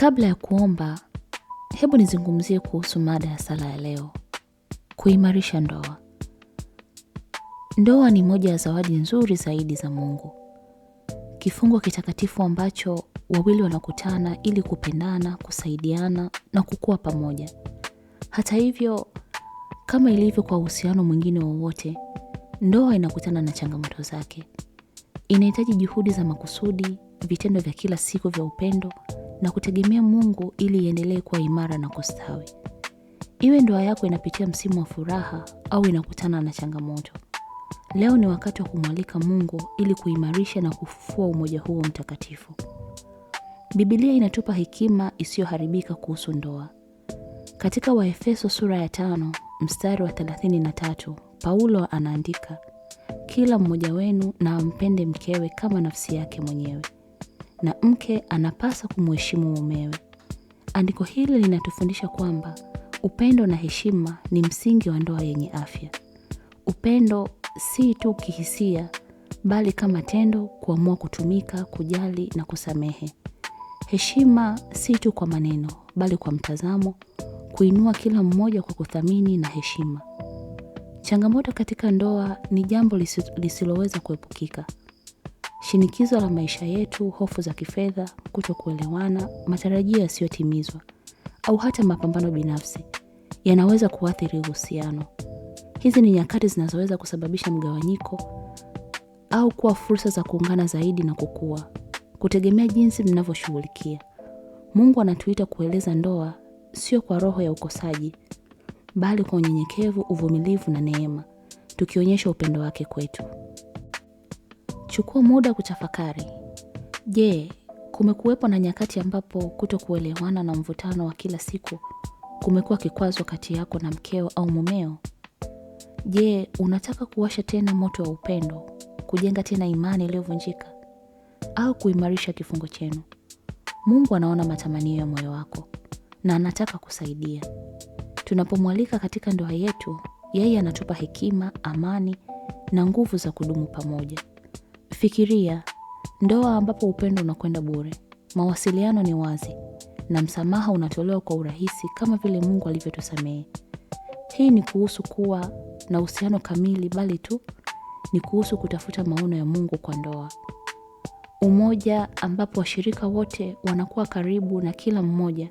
Kabla ya kuomba, hebu nizungumzie kuhusu mada ya sala ya leo, kuimarisha ndoa. Ndoa ni moja ya zawadi nzuri zaidi za Mungu, kifungo kitakatifu ambacho wawili wanakutana ili kupendana, kusaidiana na kukua pamoja. Hata hivyo, kama ilivyo kwa uhusiano mwingine wowote, ndoa inakutana na changamoto zake. Inahitaji juhudi za makusudi, vitendo vya kila siku vya upendo na kutegemea Mungu ili iendelee kuwa imara na kustawi. Iwe ndoa yako inapitia msimu wa furaha au inakutana na changamoto, leo ni wakati wa kumwalika Mungu ili kuimarisha na kufufua umoja huo mtakatifu. Biblia inatupa hekima isiyoharibika kuhusu ndoa. Katika Waefeso sura ya tano mstari wa 33 Paulo anaandika, kila mmoja wenu na ampende mkewe kama nafsi yake mwenyewe na mke anapaswa kumheshimu mumewe. Andiko hili linatufundisha kwamba upendo na heshima ni msingi wa ndoa yenye afya. Upendo si tu kihisia, bali kama tendo, kuamua kutumika, kujali na kusamehe. Heshima si tu kwa maneno, bali kwa mtazamo, kuinua kila mmoja kwa kuthamini na heshima. Changamoto katika ndoa ni jambo lisiloweza kuepukika shinikizo la maisha yetu, hofu za kifedha, kutokuelewana, matarajio yasiyotimizwa au hata mapambano binafsi yanaweza kuathiri uhusiano. Hizi ni nyakati zinazoweza kusababisha mgawanyiko au kuwa fursa za kuungana zaidi na kukua, kutegemea jinsi mnavyoshughulikia. Mungu anatuita kueleza ndoa sio kwa roho ya ukosaji, bali kwa unyenyekevu, uvumilivu na neema, tukionyesha upendo wake kwetu. Chukua muda kutafakari. Je, kumekuwepo na nyakati ambapo kutokuelewana na mvutano wa kila siku kumekuwa kikwazo kati yako na mkeo au mumeo? Je, unataka kuwasha tena moto wa upendo, kujenga tena imani iliyovunjika au kuimarisha kifungo chenu? Mungu anaona matamanio ya moyo wako na anataka kusaidia. Tunapomwalika katika ndoa yetu, yeye anatupa hekima, amani na nguvu za kudumu pamoja. Fikiria ndoa ambapo upendo unakwenda bure, mawasiliano ni wazi na msamaha unatolewa kwa urahisi kama vile Mungu alivyotusamehe. Hii ni kuhusu kuwa na uhusiano kamili, bali tu ni kuhusu kutafuta maono ya Mungu kwa ndoa. Umoja ambapo washirika wote wanakuwa karibu na kila mmoja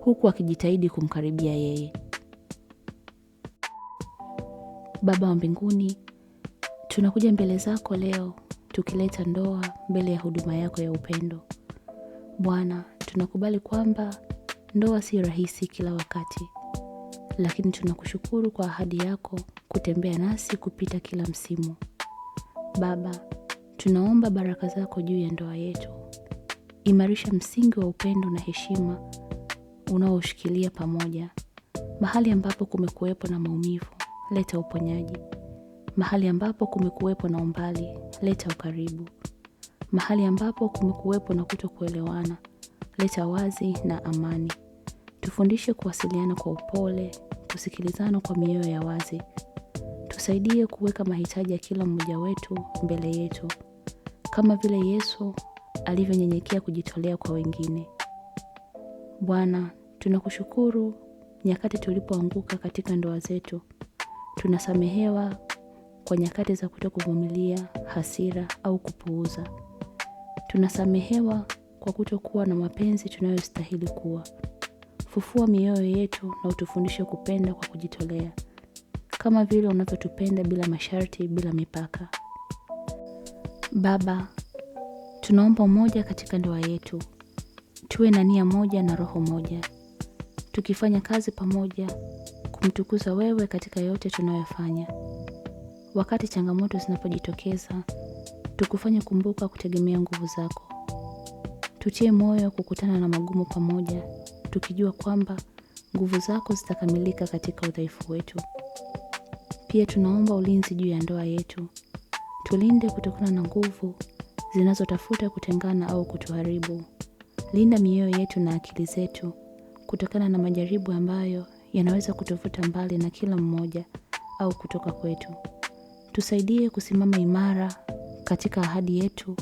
huku akijitahidi kumkaribia yeye. Baba wa mbinguni, tunakuja mbele zako leo tukileta ndoa mbele ya huduma yako ya upendo. Bwana, tunakubali kwamba ndoa si rahisi kila wakati, lakini tunakushukuru kwa ahadi yako kutembea nasi kupita kila msimu. Baba, tunaomba baraka zako juu ya ndoa yetu. Imarisha msingi wa upendo na heshima unaoshikilia pamoja. Mahali ambapo kumekuwepo na maumivu, leta uponyaji mahali ambapo kumekuwepo na umbali, leta ukaribu. Mahali ambapo kumekuwepo na kutokuelewana, leta wazi na amani. Tufundishe kuwasiliana kwa upole, kusikilizana kwa mioyo ya wazi. Tusaidie kuweka mahitaji ya kila mmoja wetu mbele yetu, kama vile Yesu alivyonyenyekea kujitolea kwa wengine. Bwana, tunakushukuru nyakati tulipoanguka katika ndoa zetu, tunasamehewa kwa nyakati za kuto kuvumilia hasira au kupuuza. Tunasamehewa kwa kuto kuwa na mapenzi tunayostahili kuwa. Fufua mioyo yetu na utufundishe kupenda kwa kujitolea, kama vile unavyotupenda bila masharti, bila mipaka. Baba, tunaomba umoja katika ndoa yetu. Tuwe na nia moja na roho moja, tukifanya kazi pamoja kumtukuza wewe katika yote tunayofanya. Wakati changamoto zinapojitokeza, tukufanye kumbuka kutegemea nguvu zako. Tutie moyo kukutana na magumu pamoja, tukijua kwamba nguvu zako zitakamilika katika udhaifu wetu. Pia tunaomba ulinzi juu ya ndoa yetu, tulinde kutokana na nguvu zinazotafuta kutengana au kutuharibu. Linda mioyo yetu na akili zetu kutokana na majaribu ambayo yanaweza kutuvuta mbali na kila mmoja au kutoka kwetu. Tusaidie kusimama imara katika ahadi yetu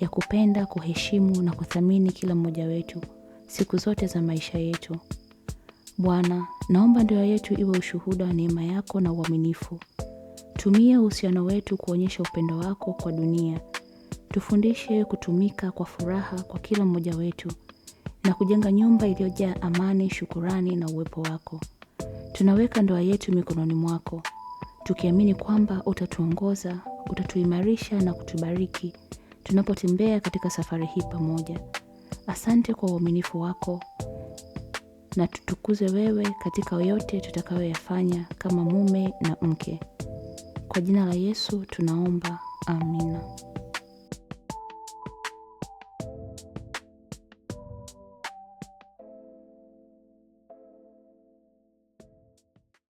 ya kupenda, kuheshimu na kuthamini kila mmoja wetu siku zote za maisha yetu. Bwana, naomba ndoa yetu iwe ushuhuda wa neema yako na uaminifu. Tumia uhusiano wetu kuonyesha upendo wako kwa dunia. Tufundishe kutumika kwa furaha kwa kila mmoja wetu na kujenga nyumba iliyojaa amani, shukurani na uwepo wako. Tunaweka ndoa yetu mikononi mwako tukiamini kwamba utatuongoza, utatuimarisha na kutubariki tunapotembea katika safari hii pamoja. Asante kwa uaminifu wako na tutukuze wewe katika yote tutakayoyafanya kama mume na mke. Kwa jina la Yesu tunaomba, amina.